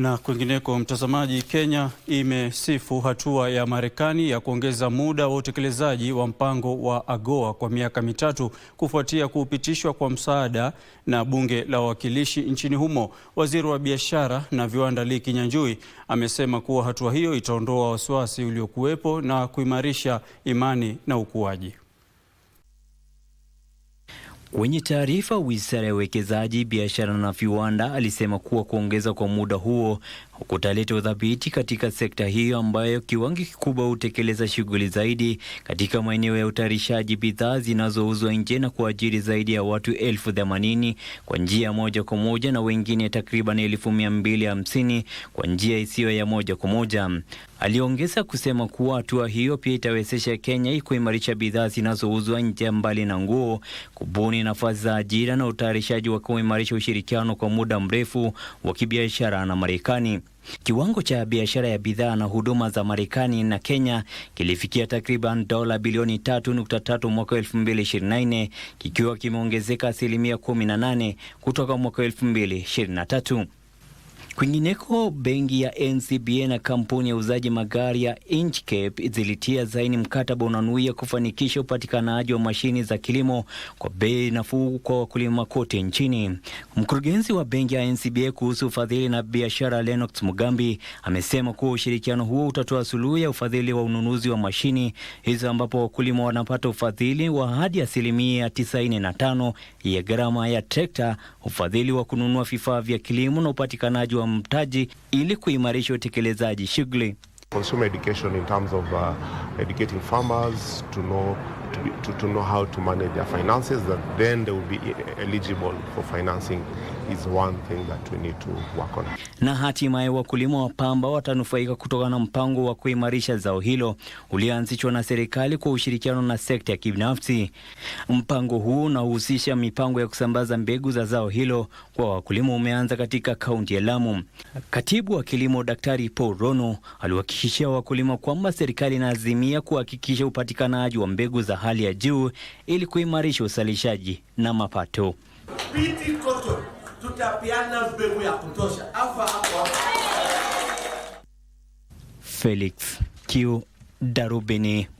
Na kwingineko, mtazamaji, Kenya imesifu hatua ya Marekani ya kuongeza muda wa utekelezaji wa mpango wa AGOA kwa miaka mitatu kufuatia kupitishwa kwa msaada na bunge la wawakilishi nchini humo. Waziri wa biashara na viwanda Lee Kinyanjui amesema kuwa hatua hiyo itaondoa wasiwasi uliokuwepo na kuimarisha imani na ukuaji. Kwenye taarifa, Wizara ya Uwekezaji, Biashara na Viwanda alisema kuwa kuongeza kwa muda huo kutaleta udhabiti katika sekta hiyo ambayo kiwango kikubwa hutekeleza shughuli zaidi katika maeneo ya utayarishaji bidhaa zinazouzwa nje na kuajiri zaidi ya watu elfu themanini kwa njia moja kwa moja na wengine takriban elfu mia mbili hamsini kwa njia isiyo ya moja kwa moja. Aliongeza kusema kuwa hatua hiyo pia itawezesha Kenya kuimarisha bidhaa zinazouzwa nje mbali na nguo, kubuni nafasi za ajira na utayarishaji wa kuimarisha ushirikiano kwa muda mrefu wa kibiashara na Marekani. Kiwango cha biashara ya bidhaa na huduma za Marekani na Kenya kilifikia takriban dola bilioni 3.3 mwaka 2024 kikiwa kimeongezeka asilimia 18 kutoka mwaka 2023. Kwingineko, benki ya NCBA na kampuni ya uzaji magari ya Inchcape zilitia saini mkataba unanuia kufanikisha upatikanaji wa mashini za kilimo kwa bei nafuu kwa wakulima kote nchini. Mkurugenzi wa benki ya NCBA kuhusu ufadhili na biashara, Lennox Mugambi, amesema kuwa ushirikiano huo utatoa suluhu ya ufadhili wa ununuzi wa mashini hizo, ambapo wakulima wanapata ufadhili wa hadi asilimia 95 ya gharama ya trekta, ufadhili wa kununua vifaa vya kilimo na upatikanaji wa mtaji ili kuimarisha utekelezaji shughuli. Consumer education in terms of uh, educating farmers to know to, be, to, to know how to manage their finances that then they will be e, eligible for financing is one thing that we need to work on. Na hatimaye wakulima wa pamba watanufaika kutokana na mpango wa kuimarisha zao hilo ulioanzishwa na serikali kwa ushirikiano na sekta ya kibinafsi. Mpango huu unahusisha mipango ya kusambaza mbegu za zao hilo kwa wakulima umeanza katika kaunti ya Lamu. Katibu wa kilimo Daktari Paul Rono aliwahakikishia wakulima kwamba serikali inaazimia kuhakikisha upatikanaji wa mbegu za hali ya juu ili kuimarisha uzalishaji na mapato. Biti koto, tutapeana mbegu ya kutosha Afa, hapa. Felix Q Darubini.